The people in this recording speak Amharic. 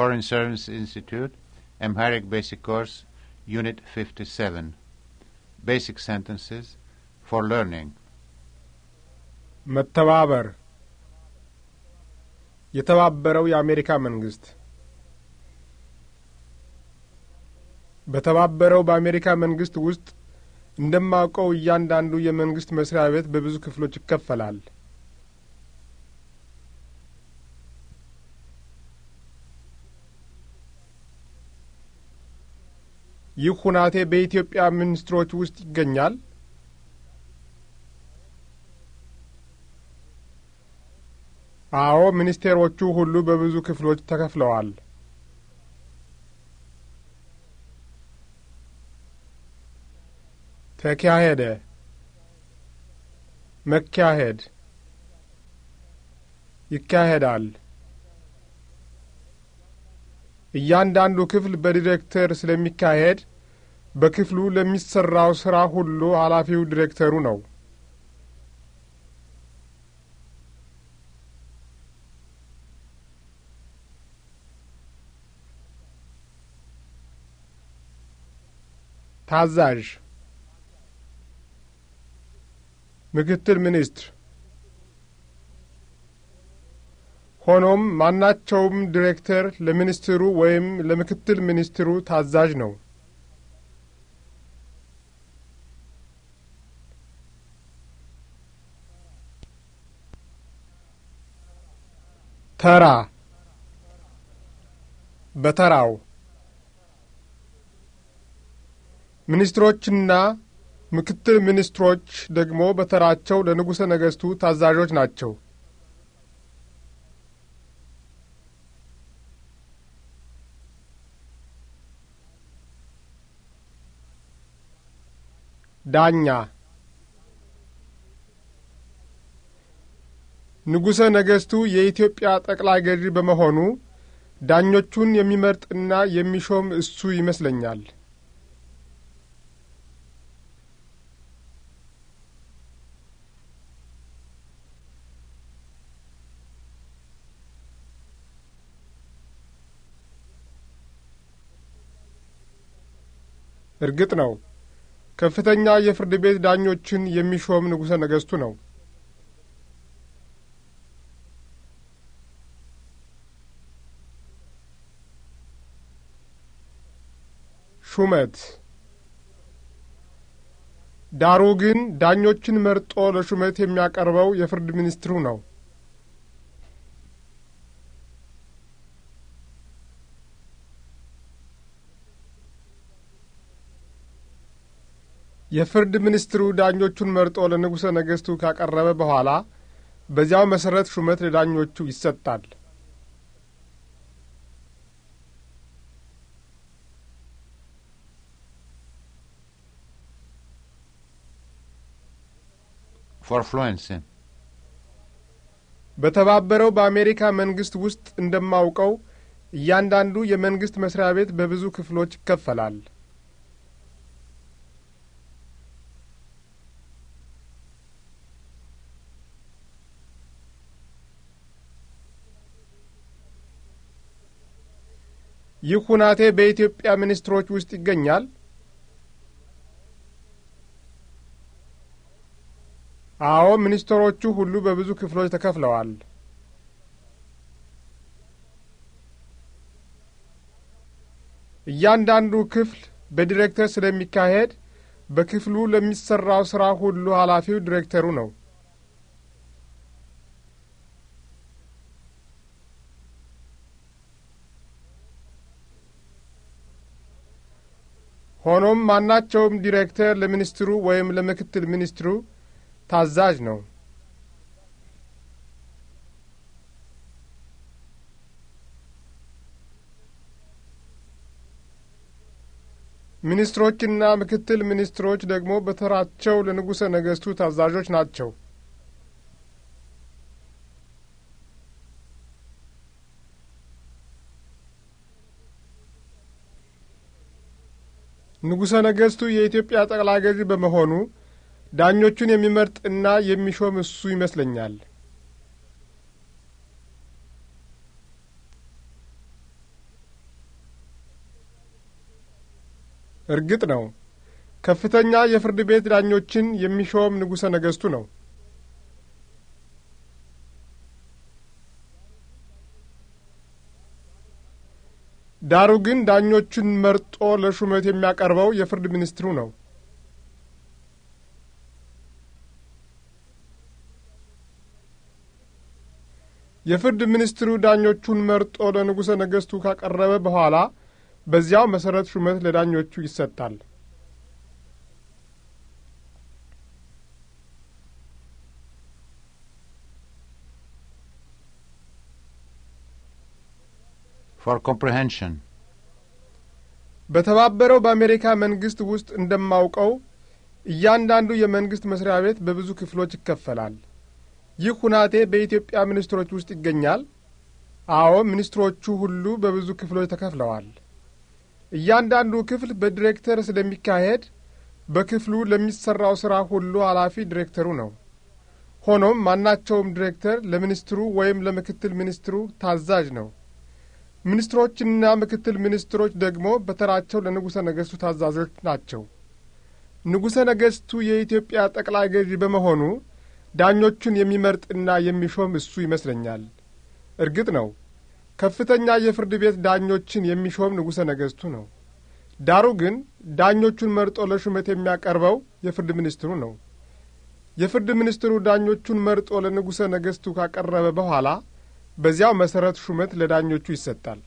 Foreign Service Institute, Amharic Basic Course, Unit 57. Basic Sentences for Learning. መተባበር የተባበረው የአሜሪካ መንግስት በተባበረው በአሜሪካ መንግስት ውስጥ እንደማውቀው እያንዳንዱ የመንግስት መስሪያ ቤት በብዙ ክፍሎች ይከፈላል። ይህ ሁናቴ በኢትዮጵያ ሚኒስትሮች ውስጥ ይገኛል? አዎ፣ ሚኒስቴሮቹ ሁሉ በብዙ ክፍሎች ተከፍለዋል። ተካሄደ፣ መካሄድ፣ ይካሄዳል። እያንዳንዱ ክፍል በዲሬክተር ስለሚካሄድ በክፍሉ ለሚሰራው ስራ ሁሉ ኃላፊው ዲሬክተሩ ነው። ታዛዥ ምክትል ሚኒስትር ሆኖም ማናቸውም ዲሬክተር ለሚኒስትሩ ወይም ለምክትል ሚኒስትሩ ታዛዥ ነው። ተራ በተራው ሚኒስትሮችና ምክትል ሚኒስትሮች ደግሞ በተራቸው ለንጉሠ ነገሥቱ ታዛዦች ናቸው። ዳኛ ንጉሠ ነገሥቱ የኢትዮጵያ ጠቅላይ ገዢ በመሆኑ ዳኞቹን የሚመርጥና የሚሾም እሱ ይመስለኛል። እርግጥ ነው ከፍተኛ የፍርድ ቤት ዳኞችን የሚሾም ንጉሠ ነገሥቱ ነው። ሹመት ዳሩ ግን ዳኞችን መርጦ ለሹመት የሚያቀርበው የፍርድ ሚኒስትሩ ነው። የፍርድ ሚኒስትሩ ዳኞቹን መርጦ ለንጉሠ ነገሥቱ ካቀረበ በኋላ በዚያው መሠረት ሹመት ለዳኞቹ ይሰጣል። for fluency በተባበረው በአሜሪካ መንግስት ውስጥ እንደማውቀው እያንዳንዱ የመንግስት መስሪያ ቤት በብዙ ክፍሎች ይከፈላል። ይህ ሁናቴ በኢትዮጵያ ሚኒስትሮች ውስጥ ይገኛል። አዎ ሚኒስትሮቹ ሁሉ በብዙ ክፍሎች ተከፍለዋል። እያንዳንዱ ክፍል በዲሬክተር ስለሚካሄድ በክፍሉ ለሚሰራው ሥራ ሁሉ ኃላፊው ዲሬክተሩ ነው። ሆኖም ማናቸውም ዲሬክተር ለሚኒስትሩ ወይም ለምክትል ሚኒስትሩ ታዛዥ ነው። ሚኒስትሮችና ምክትል ሚኒስትሮች ደግሞ በተራቸው ለንጉሠ ነገሥቱ ታዛዦች ናቸው። ንጉሠ ነገሥቱ የኢትዮጵያ ጠቅላይ ገዢ በመሆኑ ዳኞቹን የሚመርጥ እና የሚሾም እሱ ይመስለኛል። እርግጥ ነው ከፍተኛ የፍርድ ቤት ዳኞችን የሚሾም ንጉሠ ነገሥቱ ነው። ዳሩ ግን ዳኞቹን መርጦ ለሹመት የሚያቀርበው የፍርድ ሚኒስትሩ ነው። የፍርድ ሚኒስትሩ ዳኞቹን መርጦ ለንጉሠ ነገሥቱ ካቀረበ በኋላ በዚያው መሠረት ሹመት ለዳኞቹ ይሰጣል። በተባበረው በአሜሪካ መንግሥት ውስጥ እንደማውቀው እያንዳንዱ የመንግሥት መስሪያ ቤት በብዙ ክፍሎች ይከፈላል። ይህ ሁናቴ በኢትዮጵያ ሚኒስትሮች ውስጥ ይገኛል? አዎ፣ ሚኒስትሮቹ ሁሉ በብዙ ክፍሎች ተከፍለዋል። እያንዳንዱ ክፍል በዲሬክተር ስለሚካሄድ በክፍሉ ለሚሠራው ሥራ ሁሉ ኃላፊ ዲሬክተሩ ነው። ሆኖም ማናቸውም ዲሬክተር ለሚኒስትሩ ወይም ለምክትል ሚኒስትሩ ታዛዥ ነው። ሚኒስትሮችና ምክትል ሚኒስትሮች ደግሞ በተራቸው ለንጉሠ ነገሥቱ ታዛዦች ናቸው። ንጉሠ ነገሥቱ የኢትዮጵያ ጠቅላይ ገዢ በመሆኑ ዳኞቹን የሚመርጥና የሚሾም እሱ ይመስለኛል። እርግጥ ነው ከፍተኛ የፍርድ ቤት ዳኞችን የሚሾም ንጉሠ ነገሥቱ ነው። ዳሩ ግን ዳኞቹን መርጦ ለሹመት የሚያቀርበው የፍርድ ሚኒስትሩ ነው። የፍርድ ሚኒስትሩ ዳኞቹን መርጦ ለንጉሠ ነገሥቱ ካቀረበ በኋላ በዚያው መሠረት ሹመት ለዳኞቹ ይሰጣል።